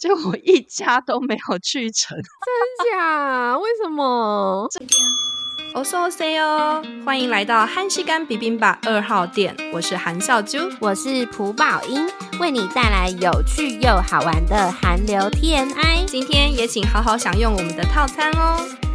就我一家都沒有去成， 真假？為什麼？我是 OC 哦， 歡迎來到韓食柑 bibimbap 二號店，我是韓笑啾，我是蒲寶英，為你帶來有趣又好玩的韓流 TMI，今天也請好好享用我們的套餐哦。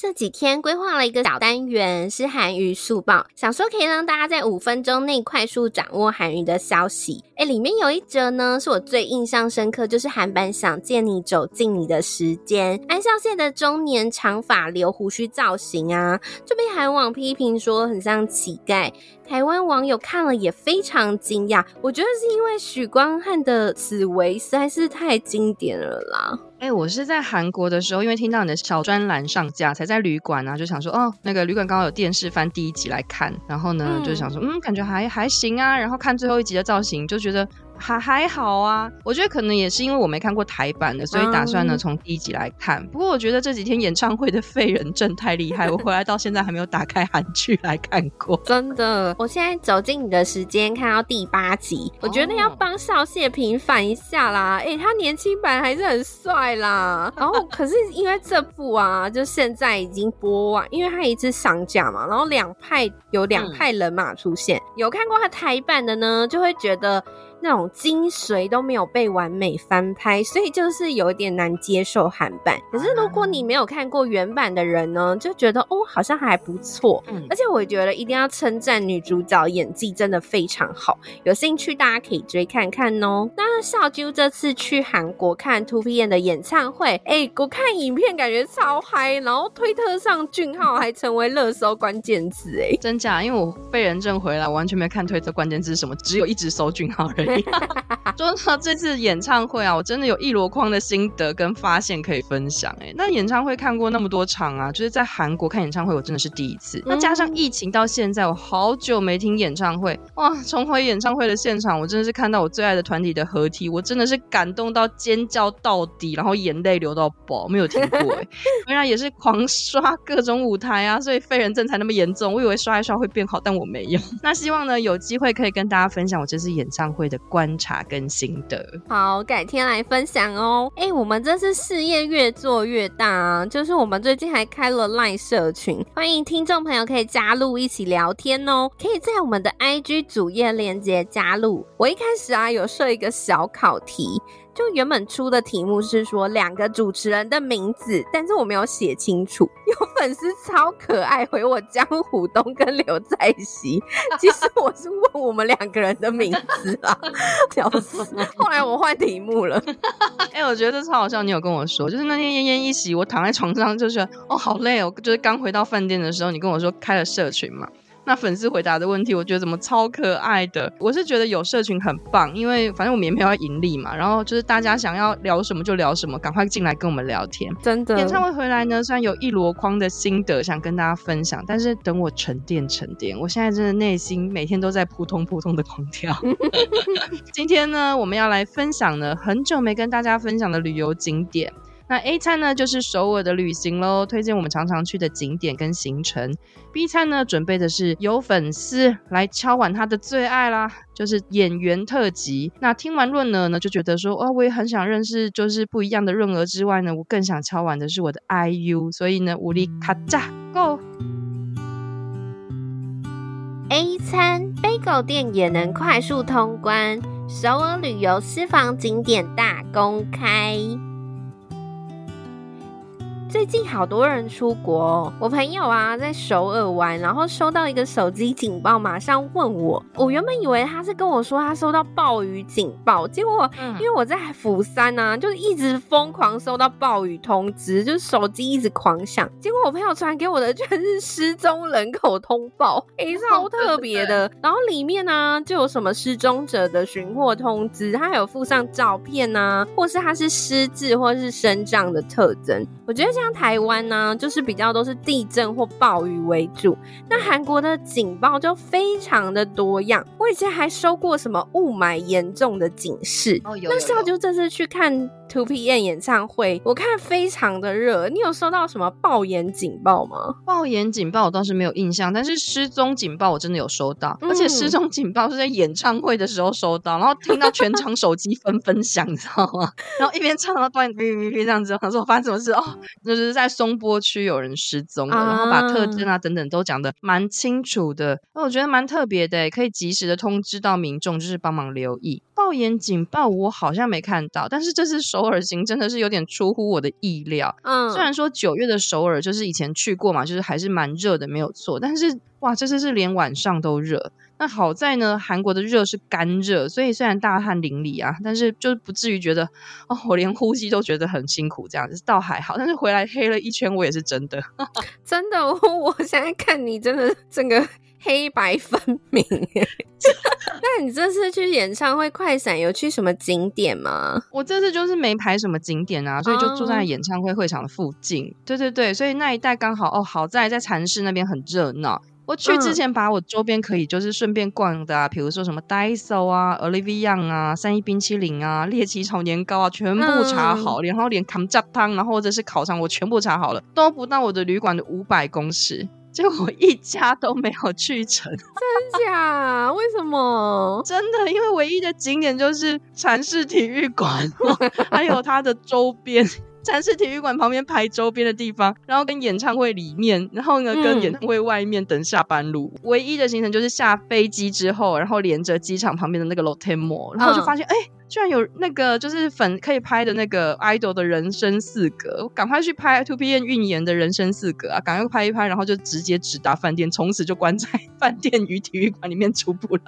這幾天規劃了一個小單元，是韓娛速報，想說可以讓大家在五分鐘內快速掌握韓娛的消息。誒，裡面有一則呢，是我最印象深刻，就是韓版《想見你》，走進你的時間，安孝燮的中年長髮留胡鬚造型啊，就被韓網批評說很像乞丐，台灣網友看了也非常驚訝。我覺得是因為許光漢的子維實在是太經典了啦。哎、欸，我是在韓國的時候，因為聽到你的小專欄上架，才在旅館啊就想說，哦，那個旅館剛好有電視，翻第一集來看，然後呢、嗯、就想說，嗯，感覺還還行啊，然後看最後一集的造型，就覺得。還還好啊，我覺得可能也是因為我沒看過台版的，所以打算呢從第一集來看。Um, 不過我覺得這幾天演唱會的廢人症太厲害，我回來到現在還沒有打開韓劇來看過。 真的，我現在走進你的時間，看到第八集，我覺得要幫少燮平反一下啦！哎、oh. 欸，他年輕版還是很帥啦。然後可是因為這部啊，就現在已經播完，因為他一次上架嘛，然後兩派有兩派人馬出現。嗯、有看過他台版的呢，就會覺得。那種精髓，都沒有被完美翻拍，所以就是有點難接受韓版。可是如果你沒有看過原版的人呢，就覺得哦、喔，好像還不錯。嗯，而且我覺得一定要稱讚女主角演技真的非常好，有興趣大家可以追看看哦、喔。那小啾這次去韓國看 2PM 的演唱會，誒、欸，我看影片，感覺超嗨，然後推特上俊昊還成為熱搜關鍵詞、欸，誒，真假？因為我被人證回來，完全沒看推特關鍵字是什麼，只有一直搜俊昊人。哈哈哈說到這次演唱會啊，我真的有一籮筐的心得跟發現可以分享哎、欸。那演唱會看過那麼多場啊，就是在韓國看演唱會，我真的是第一次。嗯、那加上疫情到現在，我好久沒聽演唱會哇！重回演唱會的現場，我真的是看到我最愛的團體的合體，我真的是感動到尖叫到底，然後眼淚流到飽，沒有聽過哎、欸。 原來也是狂刷各種舞台啊，所以廢人症才那麼嚴重。我以為刷一刷會變好，但我沒有。 那希望呢，有機會可以跟大家分享我這次演唱會的。觀察跟心得，好，改天來分享哦。哎、欸，我們真是事業越做越大啊。就是我們最近還開了 LINE 社群，歡迎聽眾朋友可以加入一起聊天哦，可以在我們的 IG 主頁鏈接加入。我一開始啊有設一個小考題。就原本出的題目是說兩個主持人的名字，但是我沒有寫清楚。有粉絲超可愛回我：姜虎東跟劉在錫。其實我是問我們兩個人的名字啊，笑死 後來我換題目了。哎、 欸，我覺得這超好笑。你有跟我說，就是那天奄奄一息，我躺在床上就覺得哦好累哦，就是剛回到飯店的時候，你跟我說開了社群嘛。那粉絲回答的問題，我覺得怎麼超可愛的！我是覺得有社群很棒，因為反正我們也沒有要盈利嘛，然後就是大家想要聊什麼就聊什麼，趕快進來跟我們聊天。真的，演唱會回來呢，雖然有一籮筐的心得想跟大家分享，但是等我沉澱沉澱，我現在真的內心每天都在撲通撲通的狂跳。 今天呢，我們要來分享呢，很久沒跟大家分享的旅遊景點。那 A 餐呢，就是首爾的旅行嘍，推薦我們常常去的景點跟行程。B 餐呢，準備的是有粉絲來敲碗他的最愛啦，就是演員特輯。那聽完潤娥呢，就覺得說，哦，我也很想認識，就是不一樣的潤娥之外呢，我更想敲碗的是我的 IU。所以呢，我哩卡扎 Go。A 餐，貝果店也能快速通關，首爾旅遊私房景點大公開。最近好多人出國，我朋友啊在首爾玩，然後收到一個手機警報，馬上問我。我原本以為他是跟我說他收到暴雨警報，結果、嗯、因為我在釜山呢，啊，就是一直瘋狂收到暴雨通知，就是手機一直狂響。結果我朋友傳給我的全是失蹤人口通報，超、欸、特別的。嗯，然後裡面呢，啊、就有什麼失蹤者的尋獲通知，他還有附上照片啊，或是他是失智或是身障的特徵。我覺得。像台灣呢，就是比較都是地震或暴雨為主。那韓國的警報就非常的多樣，我以前還收過什麼霧霾嚴重的警示。哦、有有有有，那我就這次去看。2PM 演唱會，我看非常的熱。你有收到什麼爆炎警報嗎？爆炎警報我倒是沒有印象，但是失蹤警報我真的有收到，嗯、而且失蹤警報是在演唱會的時候收到，然後聽到全場手機紛紛響， 你知道嗎？然後一邊唱到段，嗶嗶嗶這樣子，然後說我發生什麼事哦，就是在松波區有人失蹤了，然後把特徵啊等等都講的蠻清楚的，那、啊、我覺得蠻特別的，可以及時的通知到民眾，就是幫忙留意。爆炎警報我好像沒看到，但是這、就是手。首爾行真的是有點出乎我的意料，嗯，雖然說九月的首爾就是以前去過嘛，就是還是蠻熱的，沒有錯。但是哇，這次是連晚上都熱。那好在呢，韓國的熱是乾熱，所以雖然大汗淋漓啊，但是就是不至於覺得哦，我連呼吸都覺得很辛苦這樣子，子倒還好。但是回來黑了一圈，我也是真的， 真的，我現在看你真的整個。黑白分明。 那你這次去演唱會快閃有去什麼景點嗎？我這次就是沒排什麼景點啊，所以就住在演唱會會場的附近。Um, 對對對，所以那一帶剛好哦，好在在蠶室那邊很熱鬧。我去之前把我周邊可以就是順便逛的啊，嗯，比如說什麼 Daiso 啊、Olive Young 啊、三一冰淇淋啊、獵奇炒年糕啊，全部查好了，um，然後連康家湯，然後或者是烤腸，我全部查好了，都不到我的旅館的五百公尺。就我一家都沒有去成，真假？ 為什麼？真的，因為唯一的景點就是蠶室體育館，還有它的周邊。展示體育館旁邊拍周邊的地方，然後跟演唱會裡面，然後呢跟演唱會外面等下班路，嗯、唯一的行程就是下飛機之後，然後連着機場旁邊的那個 Lotte Mall，然後就發現哎、嗯欸，居然有那個就是粉可以拍的那個 idol 的人生四格，趕快去拍 2PM 運營的人生四格啊，趕快拍一拍，然後就直接直達飯店，從此就關在飯店與體育館裡面出不來，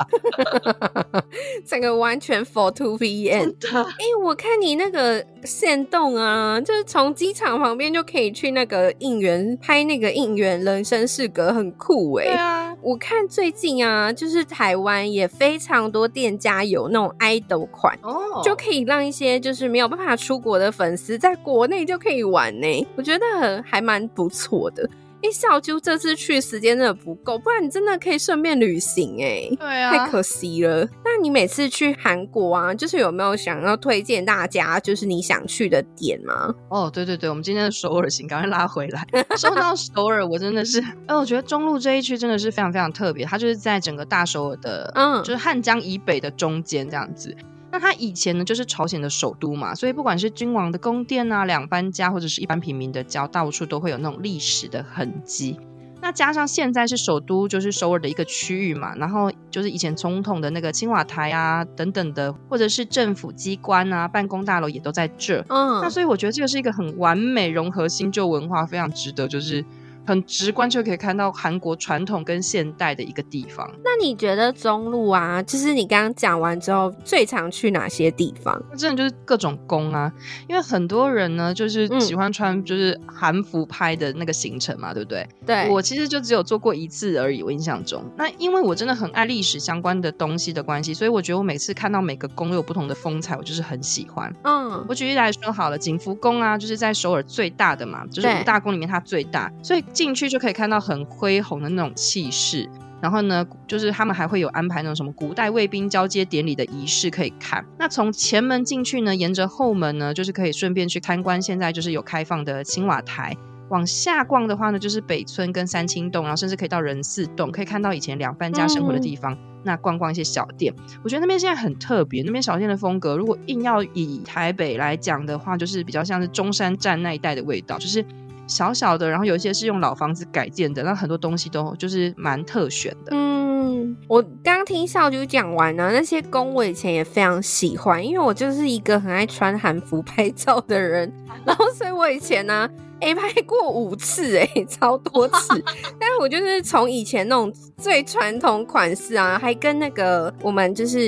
這 個完全 For 2PM 的，哎、欸，我看你那個限動啊。就是從機場旁邊就可以去那個應援，拍那個應援人生四格，很酷哎、欸！對啊，我看最近啊，就是台灣也非常多店家有那種 idol 款哦，oh、就可以讓一些就是沒有辦法出國的粉絲在國內就可以玩哎、欸，我覺得還蠻不錯的。哎，小啾這次去時間真的不夠，不然你真的可以順便旅行哎、欸，對啊，太可惜了。那你每次去韓國啊，就是有沒有想要推薦大家，就是你想去的點嗎？哦，對對對，我們今天的首爾行趕快拉回來。說到首爾，我真的是，哎、 呃，我覺得中路這一區真的是非常非常特別，它就是在整個大首爾的，嗯，就是漢江以北的中間這樣子。那它以前呢，就是朝鮮的首都嘛，所以不管是君王的宮殿啊、兩班家，或者是一般平民的家，到處都會有那種歷史的痕跡。那加上現在是首都，就是首爾的一個區域嘛，然後就是以前總統的那個青瓦台啊等等的，或者是政府機關啊、辦公大樓也都在這。嗯，那所以我覺得這個是一個很完美融合新舊文化，非常值得就是。很直觀就可以看到韓國傳統跟現代的一個地方。那你覺得鍾路啊,就是你剛剛講完之後，最常去哪些地方？真的就是各種宮啊,因為很多人呢，就是喜歡穿就是韓服拍的那個行程嘛,嗯、對不對？對。我其實就只有做過一次而已，我印象中。那因為我真的很愛歷史相關的東西的關係，所以我覺得我每次看到每個宮有不同的風采，我就是很喜歡。嗯，我舉例來說好了，景福宮啊，就是在首爾最大的嘛，就是五大宮裡面它最大，對所以，進去就可以看到很恢宏的那種氣勢，然後呢，就是他們還會有安排那種什麼古代衛兵交接典禮的儀式可以看。那從前門進去呢，沿着後門呢，就是可以順便去參觀現在就是有開放的青瓦台。往下逛的話呢，就是北村跟三清洞，然後甚至可以到仁寺洞，可以看到以前兩班家生活的地方。嗯。那逛逛一些小店，我覺得那邊現在很特別，那邊小店的風格，如果硬要以台北來講的話，就是比較像是中山站那一帶的味道，就是。小小的，然後有一些是用老房子改建的，那很多東西都就是蠻特選的。嗯，我剛聽小啾講完呢，那些宮我以前也非常喜歡，因為我就是一個很愛穿韓服拍照的人，然後所以我以前呢。哎、欸，拍過五次哎、欸，超多次。 但是我就是從以前那種最傳統款式啊，還跟那個我們就是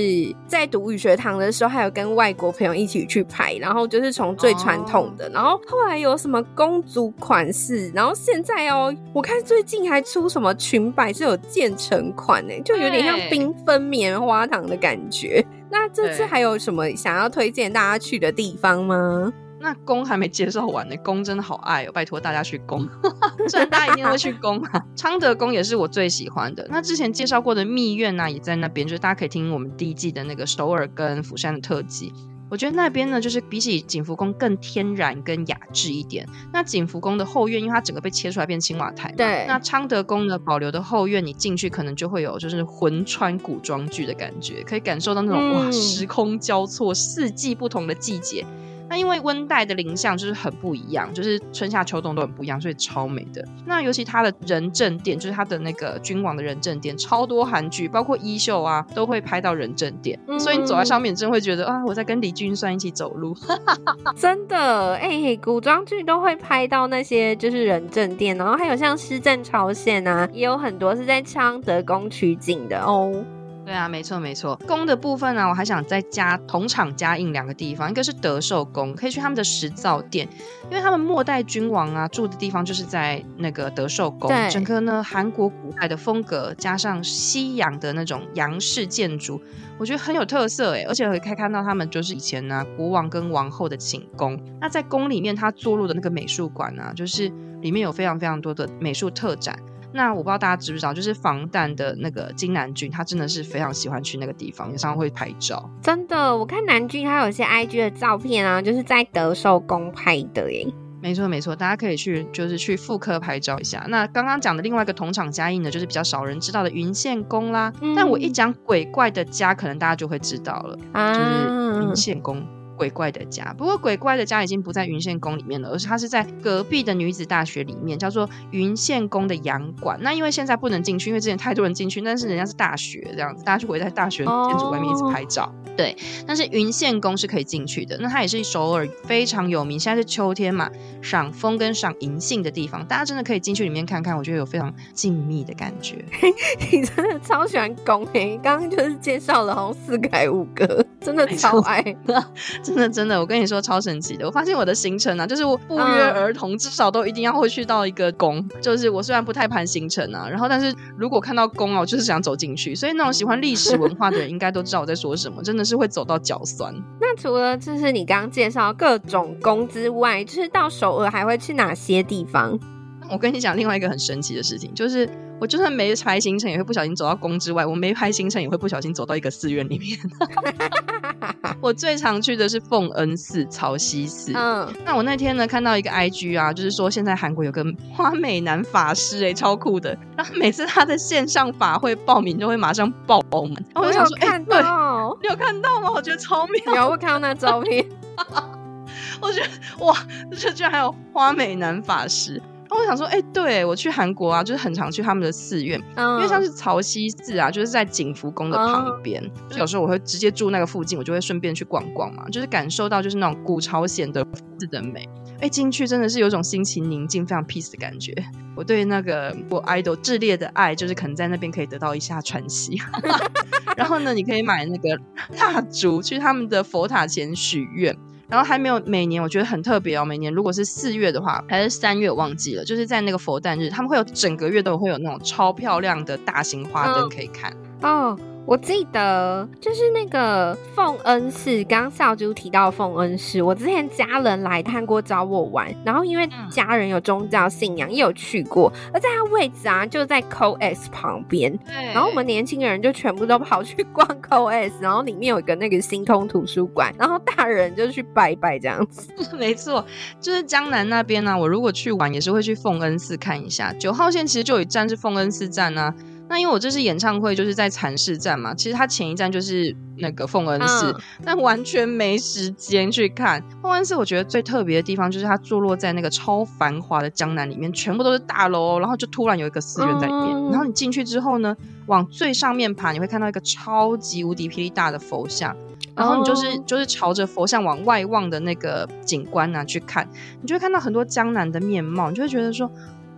在讀語學堂的時候，還有跟外國朋友一起去拍。然後就是從最傳統的，哦、然後後來有什麼公主款式，然後現在哦、喔，我看最近還出什麼裙襬是有漸層款哎、欸，就有點像繽紛棉花糖的感覺。對 那這次還有什麼想要推薦大家去的地方嗎？那宮還沒介紹完呢，宮真的好愛哦！拜托大家去宮，所 以大家一定會去宮啊。 昌德宮也是我最喜歡的。那之前介紹過的秘苑呢，也在那邊，就是大家可以聽我們第一季的那個首爾跟釜山的特輯。我覺得那邊呢，就是比起景福宮更天然跟雅致一點。那景福宮的後院，因為它整個被切出來變青瓦台。對。那昌德宮呢，保留的後院，你進去可能就會有就是魂穿古裝劇的感覺，可以感受到那種、嗯、哇，時空交錯，四季不同的季節。那、啊、因為溫帶的林相就是很不一樣，就是春夏秋冬都很不一樣，所以超美的。那尤其他的仁政殿，就是他的那個君王的仁政殿，超多韓劇，包括《衣袖》啊，都會拍到仁政殿。嗯、所以你走在上面，真會覺得啊，我在跟李君算一起走路。 真的，哎、欸，古裝劇都會拍到那些就是仁政殿，然後還有像《施政朝鮮》啊，也有很多是在昌德宮取景的哦。對啊，沒錯沒錯。宮的部分呢、啊，我還想再加同場加映兩個地方，一個是德壽宮，可以去他們的石造殿，因為他們末代君王啊住的地方就是在那個德壽宮。對整個呢韓國古代的風格加上西洋的那種洋式建築，我覺得很有特色誒，而且可以看到他們就是以前呢、啊、國王跟王後的寢宮。那在宮裡面，他坐落的那個美術館呢、啊，就是裡面有非常非常多的美術特展。那我不知道大家知不知道，就是防彈的那個金南俊，他真的是非常喜歡去那個地方，也常會拍照。真的，我看南俊他有些 IG 的照片啊，就是在德壽宮拍的耶。沒錯沒錯，大家可以去就是去復刻拍照一下。那剛剛講的另外一個同場加映的，就是比較少人知道的雲峴宮啦。嗯、但我一講鬼怪的家，可能大家就會知道了，啊、就是雲峴宮。鬼怪的家，不過鬼怪的家已經不在雲峴宮裡面了，而是他是在隔壁的女子大學裡面，叫做雲峴宮的洋館。那因為現在不能進去，因為之前太多人進去，但是人家是大學這樣子，大家就會在大學建築外面一直拍照。Oh. 對，但是雲峴宮是可以進去的，那它也是首爾非常有名。現在是秋天嘛，賞楓跟賞銀杏的地方，大家真的可以進去裡面看看，我覺得有非常靜謐的感覺。 你真的超喜歡宮誒、欸，剛剛就是介紹了好像四個還五個，真的超愛的。真的真的，我跟你說超神奇的！我發現我的行程呢、啊，就是我不約而同，哦、至少都一定要會去到一個宮。就是我雖然不太排行程啊，然後但是如果看到宮啊，我就是想走進去。所以那種喜歡歷史文化的人應該都知道我在說什麼， 真的是會走到腳酸。那除了就是你剛剛介紹各種宮之外，就是到首爾還會去哪些地方？我跟你講另外一個很神奇的事情，就是我就算沒排行程也會不小心走到宮之外，我沒排行程也會不小心走到一個寺院裡面。 我最常去的是奉恩寺、曹溪寺。嗯，那我那天呢看到一個 IG 啊，就是說現在韓國有個花美男法師，誒，超酷的。然後每次他的線上法會報名，就會馬上爆滿。我,沒有我就想說，誒，到對，你有看到嗎？我覺得超迷。你有看到那照片？ 我覺得哇，這居然還有花美男法師。我想說，哎、欸，對我去韓國啊，就是很常去他們的寺院，oh. 因為像是曹溪寺啊，就是在景福宮的旁邊。Oh. 就有時候我會直接住那個附近，我就會順便去逛逛嘛，就是感受到就是那種古朝鮮的寺的美。哎、欸，進去真的是有種心情寧靜、非常 peace 的感覺。我對那個我 idol 熾烈的愛，就是可能在那邊可以得到一下喘息。 然後呢，你可以買那個蠟燭去他們的佛塔前許願。然後還沒有每年，我覺得很特別哦。每年如果是四月的話，還是三月我忘記了，就是在那個佛誕日，他們會有整個月都會有那種超漂亮的大型花燈可以看哦。Oh. Oh. 我記得就是那個奉恩寺，剛小啾提到奉恩寺，我之前家人來探過找我玩，然後因為家人有宗教信仰，也有去過，而在他位置啊就在 COS 旁邊，對，然後我們年輕人就全部都跑去逛 COS，然後裡面有一個那個星空圖書館，然後大人就去拜拜這樣子，沒錯，就是江南那邊呢、啊，我如果去玩也是會去奉恩寺看一下，九號線其實就有一站是奉恩寺站啊。那因為我這次演唱會，就是在禪寺站嘛。其實他前一站就是那個奉恩寺，嗯、但完全沒時間去看奉恩寺。我覺得最特別的地方就是它坐落在那個超繁華的江南裡面，全部都是大樓，然後就突然有一個寺院在裡面。嗯、然後你進去之後呢，往最上面爬，你會看到一個超級無敵霹靂大的佛像。然後你就是就是朝着佛像往外望的那個景觀呢、啊、去看，你就會看到很多江南的面貌，你就會覺得說。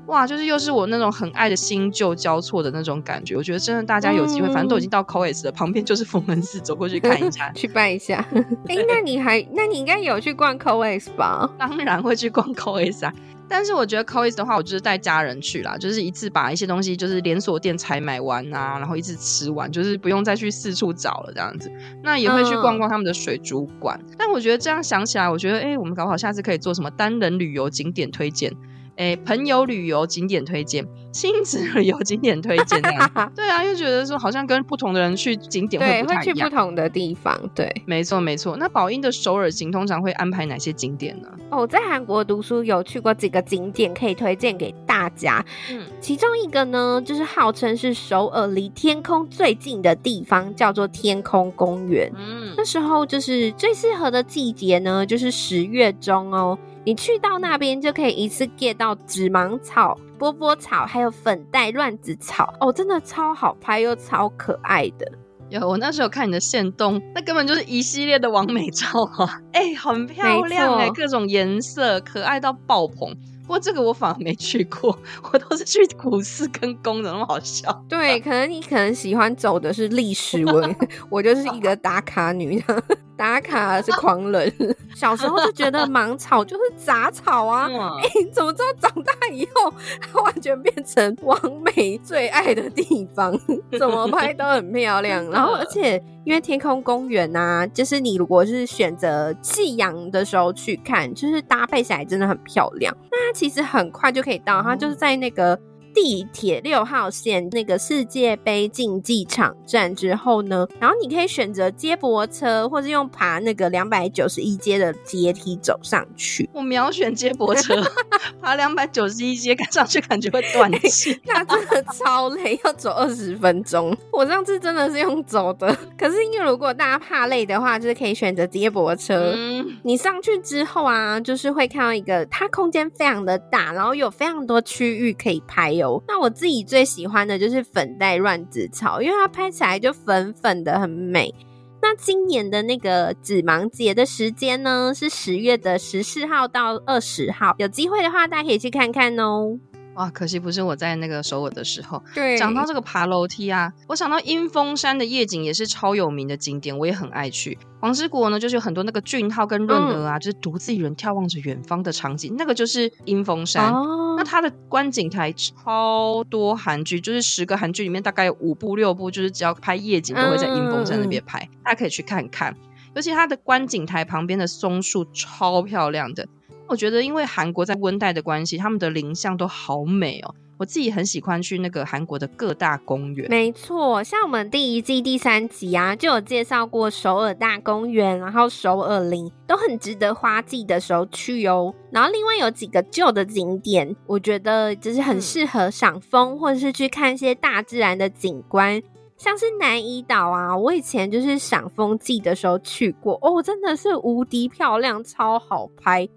哇，就是又是我那種很愛的新舊交錯的那種感覺。我覺得真的，大家有機會，嗯、反正都已經到 COEX 了，旁邊就是奉恩寺，走過去看一下，去拜一下。哎、 欸，那你還，那你應該有去逛 COEX 吧？當然會去逛 COEX 啊。但是我覺得 COEX 的話，我就是帶家人去啦，就是一次把一些東西，就是連鎖店採買完啊，然後一次吃完，就是不用再去四處找了這樣子。那也會去逛逛他們的水族館。嗯、但我覺得這樣想起來，我覺得哎、欸，我們搞不好下次可以做什麼單人旅遊景點推薦。哎、欸，朋友旅遊景點推薦，親子旅遊景點推薦、啊。 對啊，又覺得說好像跟不同的人去景點會不一樣。對，會去不同的地方。對，沒錯沒錯。那寶英的首爾行通常會安排哪些景點呢、啊？哦，在韓國讀書有去過幾個景點，可以推薦給大家。嗯，其中一個呢，就是號稱是首爾離天空最近的地方，叫做天空公園。嗯，那時候就是最適合的季節呢，就是十月中哦。你去到那邊就可以一次 get 到紫芒草、波波草，還有粉黛亂子草哦，真的超好拍又超可愛的。有，我那時候看你的限動，那根本就是一系列的完美照啊！哎、欸，很漂亮哎、欸，沒錯。各種顏色，可愛到爆棚。不過這個我反而沒去過，我都是去古寺跟宮的，怎麼那麼好笑。對，可能你可能喜歡走的是歷史文， 我就是一個打卡女的。打卡是狂人， 小時候就覺得芒草就是雜草啊、 欸，哎，怎麼知道長大以後它完全變成網美最愛的地方？怎麼拍都很漂亮。 然後，而且因為天空公園吶、啊，就是你如果是選擇夕陽的時候去看，就是搭配起來真的很漂亮。那它其實很快就可以到，它就是在那個。地鐵六號線那個世界杯競技場站之後呢，然後你可以選擇接駁車，或是用爬那個兩百九十一階的階梯走上去。我秒選接駁車， 爬兩百九十一階，看上去感覺會斷氣。欸，那真的超累， 要走二十分鐘。我上次真的是用走的，可是因為如果大家怕累的話，就是可以選擇接駁車。嗯。你上去之後啊，就是會看到一個它空間非常的大，然後有非常多區域可以拍哦。那我自己最喜歡的就是粉黛亂子草，因為它拍起來就粉粉的，很美。那今年的那個紫芒節的時間呢，是十月的十四號到二十號，有機會的話大家可以去看看哦。哇，可惜不是我在那個首爾的時候。對，講到這個爬樓梯啊，我想到鷹峰山的夜景也是超有名的景點，我也很愛去。黃之國呢，就是有很多那個俊昊跟潤娥啊，嗯、就是獨自一人眺望着遠方的場景，那個就是鷹峰山。哦、那它的觀景台超多韓劇，就是十個韓劇裡面大概有五部六部，就是只要拍夜景都會在鷹峰山那邊拍，嗯、大家可以去看看。尤其它的觀景台旁邊的松樹超漂亮的。我覺得，因為韓國在溫帶的關係，他們的林相都好美哦、喔。我自己很喜歡去那個韓國的各大公園，沒錯，像我們第一季第三集啊，就有介紹過首爾大公園，然後首爾林都很值得花季的時候去哦、喔。然後另外有幾個舊的景點，我覺得就是很適合賞楓，嗯、或者是去看一些大自然的景觀，像是南怡島啊，我以前就是賞楓季的時候去過哦，真的是無敵漂亮，超好拍。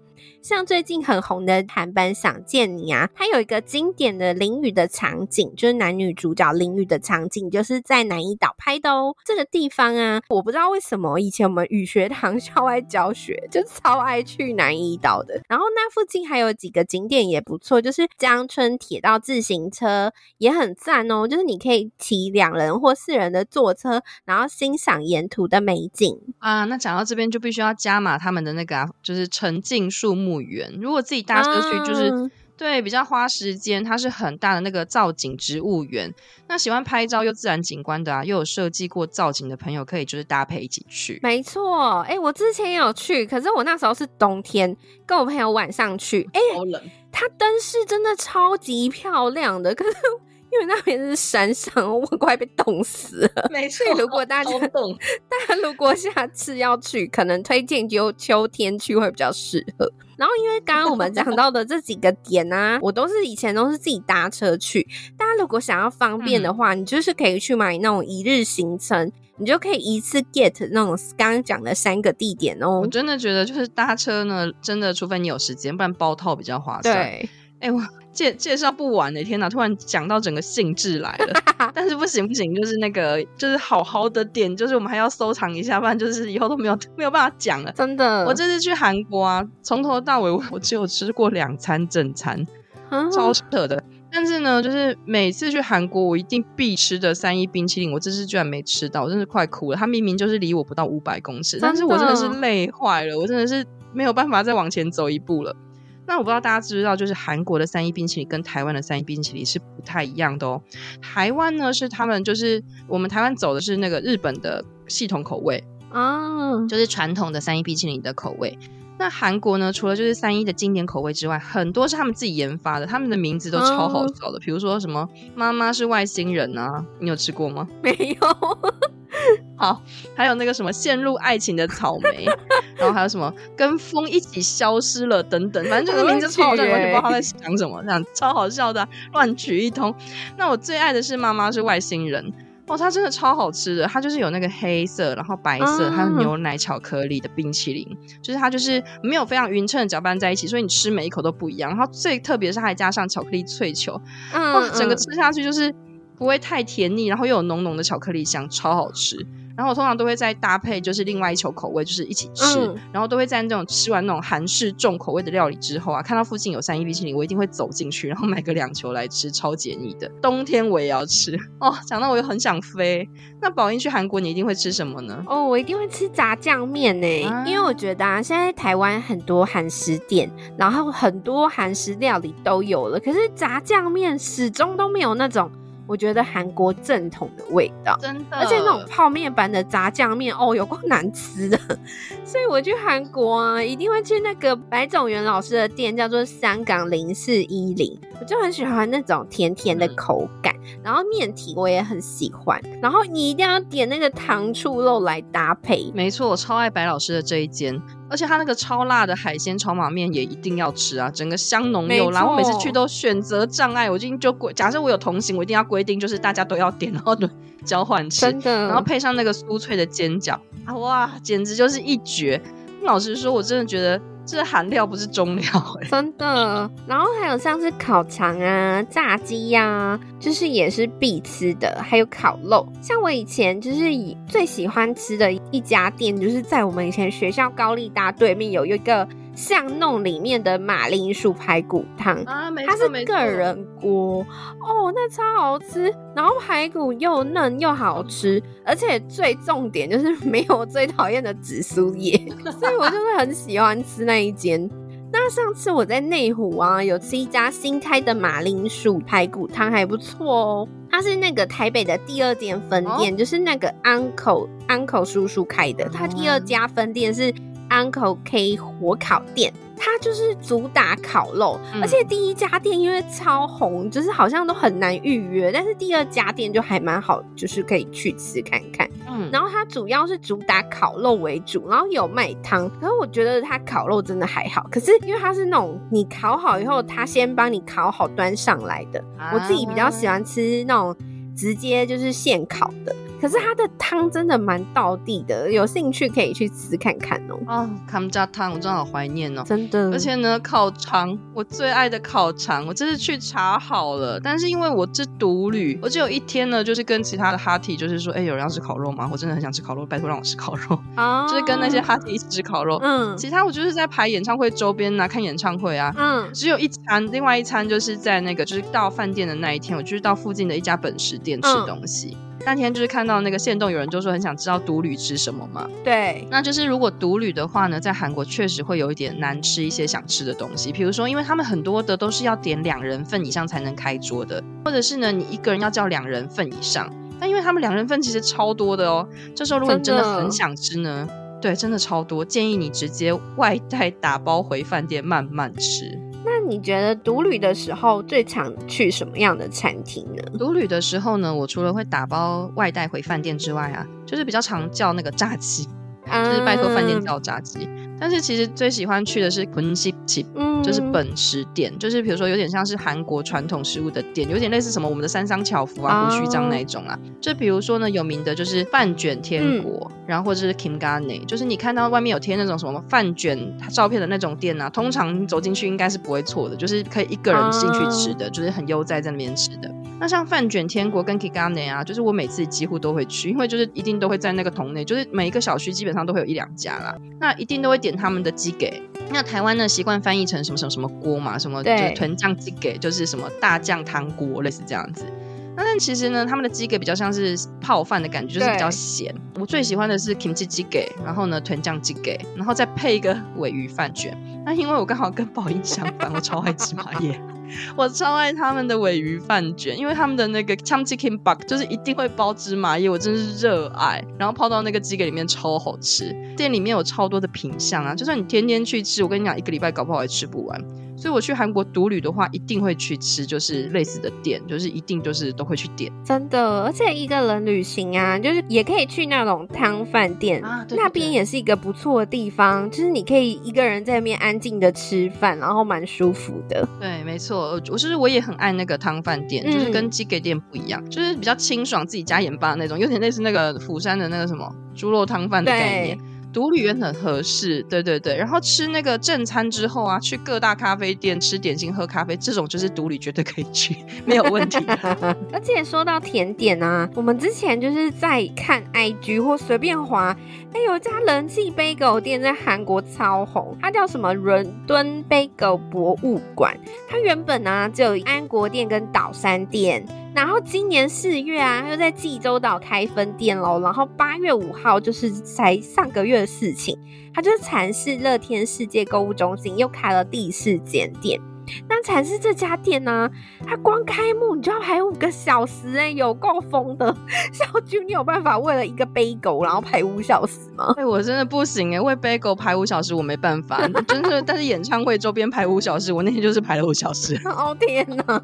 像最近很紅的韓版《想見你》啊，它有一個經典的淋雨的場景，就是男女主角淋雨的場景，就是在南怡島拍的哦、喔。這個地方啊，我不知道為什麼以前我們語學堂校外教學，就超愛去南怡島的。然後那附近還有幾個景點也不錯，就是江村鐵道自行車也很讚哦、喔，就是你可以騎兩人或四人的坐車，然後欣賞沿途的美景啊、呃。那講到這邊就必須要加碼他們的那個、啊，就是沉浸樹木園，如果自己搭車去就是、啊、對比較花時間，它是很大的那個造景植物園。那喜歡拍照又自然景觀的啊，又有設計過造景的朋友，可以就是搭配一起去。沒錯，哎、欸，我之前也有去，可是我那時候是冬天，跟我朋友晚上去，哎、欸，好冷。它燈是真的超級漂亮的，可是。因為那邊是山上，我快被凍死了。沒錯，如果大家懂，大家如果下次要去，可能推薦就秋天去會比較適合。然後，因為剛剛我們講到的這幾個點呢、啊， 我都是以前都是自己搭車去。大家如果想要方便的話，嗯、你就是可以去買那種一日行程，你就可以一次 get 那種剛剛講的三個地點哦、喔。我真的覺得就是搭車呢，真的，除非你有時間，不然包套比較划算。對，哎、欸、我。介介紹不完的，欸，天哪！突然講到整個興致來了， 但是不行不行，就是那個就是好好的點，就是我們還要收藏一下，不然就是以後都沒有都沒有辦法講了。真的，我這次去韓國啊，從頭到尾我，我只有吃過兩餐正餐，整餐啊，超扯的。但是呢，就是每次去韓國我一定必吃的三一，e、冰淇淋，我這次居然沒吃到，我真是快哭了。他明明就是離我不到五百公尺，的但是我真的是累壞了，我真的是沒有辦法再往前走一步了。那我不知道大家知不知道，就是韓國的三一冰淇淋跟臺灣的三一冰淇淋是不太一樣的哦。臺灣呢是他們就是我們臺灣走的是那個日本的系統口味啊，oh. 就是傳統的三一冰淇淋的口味。那韓國呢，除了就是三一的經典口味之外，很多是他們自己研發的，他們的名字都超好笑的，oh. 比如說什麼“媽媽是外星人”啊，你有吃過嗎？沒有。 好，還有那個什麼陷入愛情的草莓， 然後還有什麼跟風一起消失了等等，反正這個名字超好笑，完全不知道他在講什麼，這樣超好笑的、啊、亂取一通。那我最愛的是媽媽是外星人哦，它真的超好吃的，它就是有那個黑色，然後白色，還有牛奶巧克力的冰淇淋，嗯、就是它就是沒有非常勻稱的攪拌在一起，所以你吃每一口都不一樣。然後最特別是還加上巧克力脆球，嗯，整個吃下去就是。不會太甜膩，然後又有濃濃的巧克力香，超好吃。然後我通常都會再搭配，就是另外一球口味，就是一起吃。嗯、然後都會在那種吃完那種韓式重口味的料理之後啊，看到附近有三一冰淇淋，我一定會走進去，然後買個兩球來吃，超解膩的。冬天我也要吃哦。講到我又很想飛。那寶英去韓國，你一定會吃什麼呢？哦，我一定會吃炸醬麵誒、欸、啊、因為我覺得啊，現在台灣很多韓食店，然後很多韓食料理都有了，可是炸醬麵始終都沒有那種。我覺得韓國正統的味道，真的，而且那種泡麵版的炸醬麵哦，有夠難吃的。 所以我去韓國啊，一定會去那個白種元老師的店，叫做香港零四一零。我就很喜歡那種甜甜的口感，嗯、然後麵體我也很喜歡，然後你一定要點那個糖醋肉來搭配。沒錯，我超愛白老師的這一間。而且他那個超辣的海鮮炒碼麵也一定要吃啊，整個香濃又辣。我錯每次去都選擇障礙，我今天就規，假設我有同行，我一定要規定就是大家都要點，然後交換吃，真的然後配上那個酥脆的煎餃啊，哇，簡直就是一絕。老實說，我真的覺得。是韓料，不是中料，欸，真的。然後還有像是烤腸啊、炸雞呀、啊，就是也是必吃的。還有烤肉，像我以前就是以最喜歡吃的一家店，就是在我們以前學校高麗大對面，有一個。巷弄裡面的馬鈴薯排骨湯，啊、它是個人鍋沒錯哦，那超好吃，然後排骨又嫩又好吃，而且最重點就是沒有我最討厭的紫蘇葉， 所以我就是很喜歡吃那一間。那上次我在內湖啊，有吃一家新開的馬鈴薯排骨湯還不錯哦，它是那個台北的第二間分店，哦、就是那個 Uncle、Uncle 叔叔開的，他第二家分店是。Uncle K 火烤店，它就是主打烤肉，嗯、而且第一家店因為超紅，就是好像都很難預約。但是第二家店就還蠻好，就是可以去吃看看。嗯，然後它主要是主打烤肉為主，然後有賣湯。然後我覺得它烤肉真的還好，可是因為它是那種你烤好以後，它先幫你烤好端上來的。我自己比較喜歡吃那種直接就是現烤的。可是它的湯真的蠻道地的，有興趣可以去吃看看哦。啊，他們家湯我真的好懷念哦，真的。而且呢，烤腸，我最愛的烤腸，我這是去查好了。但是因為我這是獨旅，我只有一天呢，就是跟其他的哈提，就是說，哎，有人要吃烤肉嗎？我真的很想吃烤肉，拜托讓我吃烤肉。啊，oh, 就是跟那些哈提一起吃烤肉。嗯，um, 其他我就是在排演唱會周邊啊，看演唱會啊。嗯，um, 只有一餐，另外一餐就是在那個，就是到飯店的那一天，我就是到附近的一家本食店吃東西。Um, 那天就是看到那個限動，有人就說很想知道獨旅吃什麼嘛。對，那就是如果獨旅的話呢，在韓國確實會有一點難吃一些想吃的東西，比如說，因為他們很多的都是要點兩人份以上才能開桌的，或者是呢你一個人要叫兩人份以上，但因為他們兩人份其實超多的哦。這時候如果你真的很想吃呢，的對，真的超多，建議你直接外帶打包回飯店慢慢吃。你覺得獨旅的時候最常去什麼樣的餐廳呢？獨旅的時候呢，我除了會打包外帶回飯店之外啊，就是比較常叫那個炸雞，嗯、就是拜托飯店叫炸雞。但是其實最喜歡去的是 Kunchip chip，就是本食店，嗯、就是比如說有點像是韓國傳統食物的店，有點類似什麼我們的三商巧福啊、鬍鬚、啊、章那一種啊。就比如說呢，有名的就是飯捲天國，嗯、然後或者是 Kim Gane，就是你看到外面有貼那種什麼飯捲照片的那種店啊，通常走進去應該是不會錯的，就是可以一個人進去吃的，就是很悠哉在那邊吃的。那像飯捲天國跟 Kim Gane 啊，就是我每次幾乎都會去，因為就是一定都會在那個同內，就是每一個小區基本上都會有一兩家啦，那一定都會點。他們的雞給，那台灣呢習慣翻譯成什麼什麼什麼鍋嘛，什麼就是豚醬雞給，就是什麼大醬湯鍋，類似這樣子。那但其實呢，他們的雞給比較像是泡飯的感覺，就是比較鹹。對我最喜歡的是 Kimchi 雞給，然後呢豚醬雞給，然後再配一個鮪魚飯卷。那因為我剛好跟寶英相反， 我超愛吃麻葉。 我超愛他們的鮪魚飯卷，因為他們的那個 chum chicken buck 就是一定會包芝麻葉，我真是熱愛。然後泡到那個雞給裡面超好吃，店裡面有超多的品項啊，就算你天天去吃，我跟你講一個禮拜搞不好也吃不完。所以我去韓國獨旅的話，一定會去吃，就是類似的店，就是一定就是都會去點。真的，而且一個人旅行啊，就是也可以去那種湯飯店，啊、對對對，那邊也是一個不錯的地方。就是你可以一個人在那邊安靜的吃飯，然後蠻舒服的。對，沒錯，我就是我也很愛那個湯飯店，嗯、就是跟雞蓋店不一樣，就是比較清爽，自己加鹽巴的那種，有點類似那個釜山的那個什麼豬肉湯飯的概念。獨旅也很合適，對對對，然後吃那個正餐之後啊，去各大咖啡店吃點心、喝咖啡，這種就是獨旅絕對可以去，沒有問題。 而且說到甜點啊，我們之前就是在看 IG 或隨便滑，哎，有家人氣貝果店在韓國超紅，它叫什麼？倫敦貝果博物館。它原本啊，就有安國店跟島山店。然後今年四月啊，他又在濟州島開分店嘍。然後八月五號，就是才上個月的事情，他就蠶室樂天世界購物中心又開了第四間店。那才是這家店呢、啊，它光開幕你就要排五個小時哎、欸，有夠瘋的！小啾，你有辦法為了一個 Bagel，然後排五小時嗎？哎、欸，我真的不行哎、欸，為 Bagel 排五小時我沒辦法， 真的。但是演唱會周邊排五小時，我那天就是排了五小時。 哦天哪，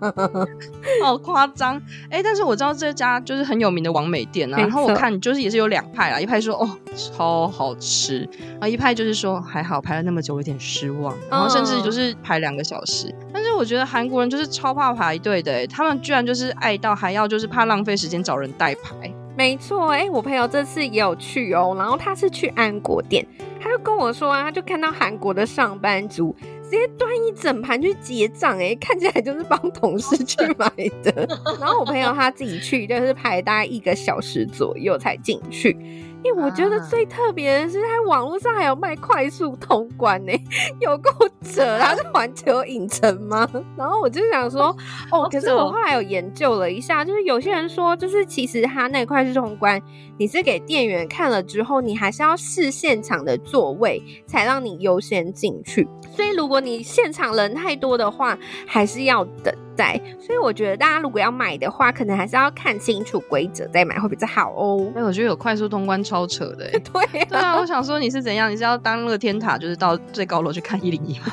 好誇張哎！但是我知道這家就是很有名的網美店吶、啊。 然後我看就是也是有兩派啦，一派說哦超好吃啊，然後一派就是說還好，排了那麼久有點失望。然後甚至就是排兩個小時。 但是我覺得韓國人就是超怕排隊的欸，他們居然就是愛到還要就是怕浪費時間找人代排。沒錯欸，我朋友這次也有去哦、喔，然後他是去安國店，他就跟我說啊，他就看到韓國的上班族直接端一整盤去結賬，誒，看起來就是幫同事去買的。然後我朋友他自己去，就是排大概一個小時左右才進去。因為、欸、我覺得最特別的是，在網絡上還有賣快速通關呢、欸，有夠扯，它是環球影城嗎？然後我就想說，哦，可是我後來有研究了一下，就是有些人說，就是其實他那快速通關，你是給店員看了之後，你還是要試現場的座位，才讓你優先進去。所以如果你現場人太多的話，還是要等。在，所以我覺得大家如果要買的話，可能還是要看清楚規則再買會比較好哦。那、欸、我覺得有快速通關超扯的、欸， 對啊對啊！我想說你是怎樣？你是要當樂天塔，就是到最高樓去看一零一嗎？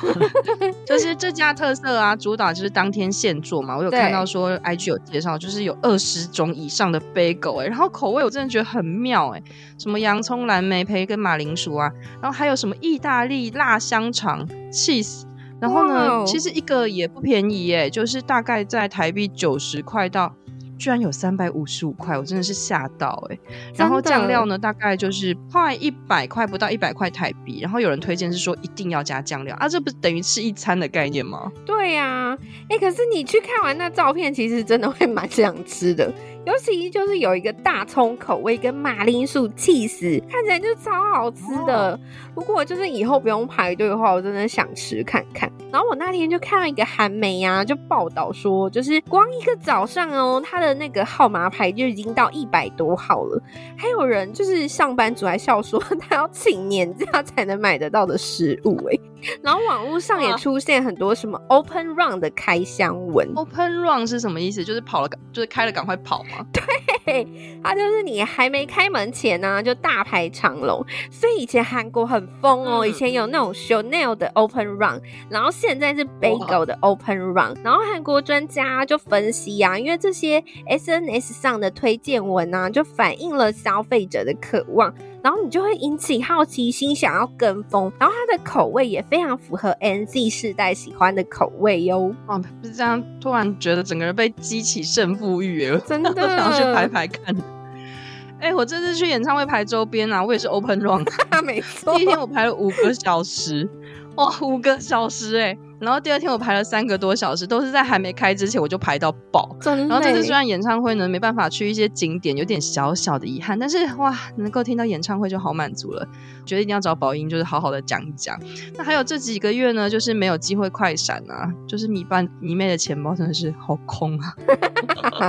就是這家特色啊，主打就是當天現做嘛。我有看到說，IG 有介紹，就是有二十種以上的 bagel 哎，然後口味我真的覺得很妙哎、欸，什麼洋蔥藍莓培根馬鈴薯啊，然後還有什麼意大利辣香腸起司。然後呢，Wow 其實一個也不便宜耶，就是大概在台幣九十塊到，居然有三百五十五塊，我真的是嚇到哎。的然後醬料呢，大概就是快一百塊不到一百塊台幣。然後有人推薦是說一定要加醬料啊，這不等於吃一餐的概念嗎？對呀、啊，哎、欸，可是你去看完那照片，其實真的會蠻想吃的。尤其就是有一個大蔥口味跟馬鈴薯起司，看起來就超好吃的。不過就是以後不用排隊的話，我真的想吃看看。然後我那天就看到一個韓媒啊，就報道說，就是光一個早上哦，他的那個號碼牌就已經到一百多號了。還有人就是上班族還笑說，他要請年假才能買得到的食物誒、欸然後網絡上也出現很多什麼 open run 的開箱文、uh,，open run 是什麼意思？就是跑了，就是開了，趕快跑嗎？對，它、啊、就是你還沒開門前呢、啊，就大排長龍。所以以前韓國很瘋哦，嗯、以前有那種 Chanel 的 open run，然後現在是 Bagel 的 open run，、oh. 然後韓國專家就分析啊，因為這些 SNS 上的推薦文啊，就反映了消費者的渴望。然後你就會引起好奇心，想要跟風。然後它的口味也非常符合 MZ 世代喜歡的口味喲。哦、啊，就這樣，突然覺得整個人被激起勝負欲欸，我真的都想要去排排看。哎、欸，我這次去演唱會排周邊啊，我也是 open run，他沒錯，第一天我排了五個小時，哇，五個小時哎、欸。然後第二天我排了三個多小時，都是在還沒開之前我就排到爆。累然後這次雖然演唱會呢，沒辦法去一些景點，有點小小的遺憾，但是哇，能夠聽到演唱會就好滿足了。覺得一定要找寶英，就是好好的講一講。那還有這幾個月呢，就是沒有機會快閃啊，就是迷伴迷妹的錢包真的是好空啊。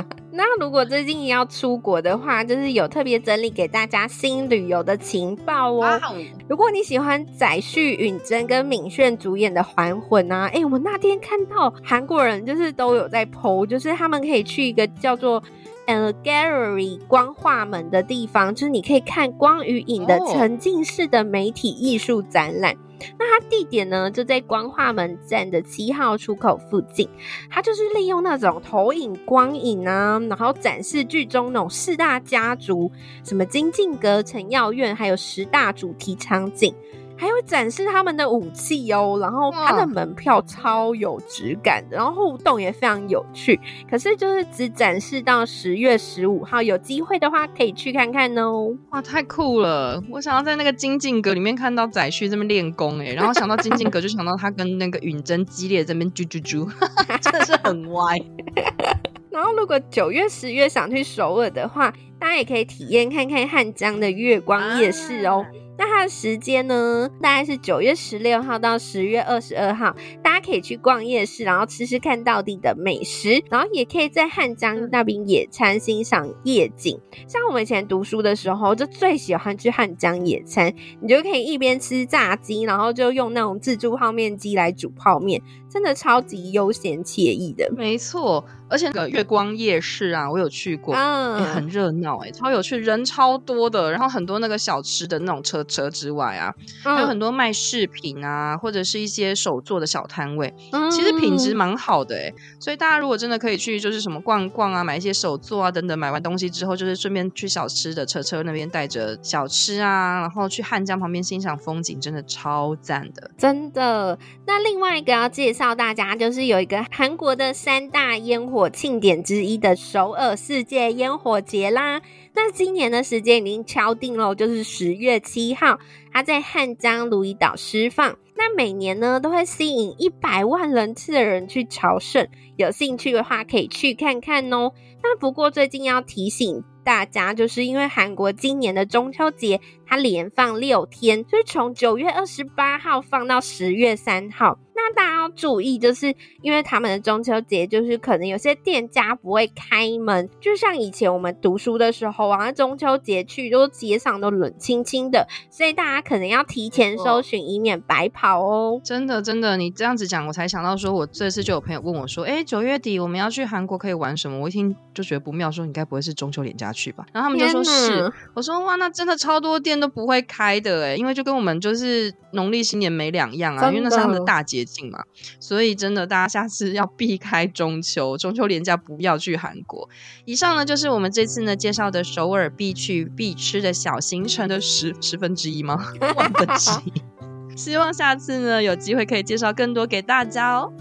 那如果最近要出國的話，就是有特別整理給大家新旅遊的情報哦。啊嗯、如果你喜歡宰旭、允真跟敏炫主演的《還魂》啊，哎、欸，我那天看到韓國人就是都有在 po，就是他們可以去一個叫做。呃，gallery 光化門的地方，就是你可以看光與影的沉浸式的媒體藝術展覽。Oh. 那它地點呢，就在光化門站的七號出口附近。它就是利用那種投影光影啊，然後展示劇中那種四大家族，什麼金靖閣、程耀院，還有十大主題場景。還會展示他們的武器哦，然後它的門票超有質感的，哇然後互動也非常有趣。可是就是只展示到十月十五號，有機會的話可以去看看哦。哇，太酷了！我想要在那個金靖閣裡面看到宰旭這邊練功哎、欸，然後想到金靖閣就想到他跟那個允珍激烈這邊啾啾啾， 真的是很歪。 然後如果九月十月想去首爾的話，大家也可以體驗看看漢江的月光夜市哦。啊那它的時間呢？大概是九月十六號到十月二十二號，大家可以去逛夜市，然後吃吃看道地的美食，然後也可以在漢江那邊野餐，欣賞夜景。像我們以前讀書的時候，就最喜歡去漢江野餐，你就可以一邊吃炸雞，然後就用那種自助泡麵機來煮泡麵，真的超級悠閒愜意的。沒錯。而且那個月光夜市啊，我有去過，嗯，欸、很熱鬧哎，超有趣，人超多的。然後很多那個小吃的那種車車之外啊，嗯、還有很多賣飾品啊，或者是一些手做的小攤位，嗯、其實品質蠻好的哎、欸。所以大家如果真的可以去，就是什麼逛逛啊，買一些手作啊等等。買完東西之後，就是順便去小吃的車車那邊帶着小吃啊，然後去漢江旁邊欣賞風景，真的超讚的，真的。那另外一個要介紹大家，就是有一個韓國的三大煙火我慶典之一的首爾世界煙火節啦，那今年的時間已經敲定了，就是十月七號，它在漢江汝矣島施放。那每年呢都會吸引一百萬人次的人去朝聖，有興趣的話可以去看看哦。那不過最近要提醒大家，就是因為韓國今年的中秋節。他連放六天，就是從九月二十八號放到十月三號。那大家要注意，就是因為他們的中秋節，就是可能有些店家不會開門。就像以前我們讀書的時候、啊，玩中秋節去，都街上都冷清清的，所以大家可能要提前搜尋，以免白跑哦、欸。真的，真的，你這樣子講，我才想到說，我這次就有朋友問我說，哎、欸，九月底我們要去韓國可以玩什麼？我一聽就覺得不妙，說，你該不會是中秋連假去吧？然後他們就說是，哪我說哇，那真的超多店。都不會開的誒、欸，因為就跟我們就是農曆新年沒兩樣啊，的因為那是他們的大捷徑嘛。所以真的，大家下次要避開中秋，中秋連假不要去韓國。以上呢，就是我們這次呢介紹的首爾必去必吃的小行程的十 十分之一嗎？對不起， 希望下次呢有機會可以介紹更多給大家哦。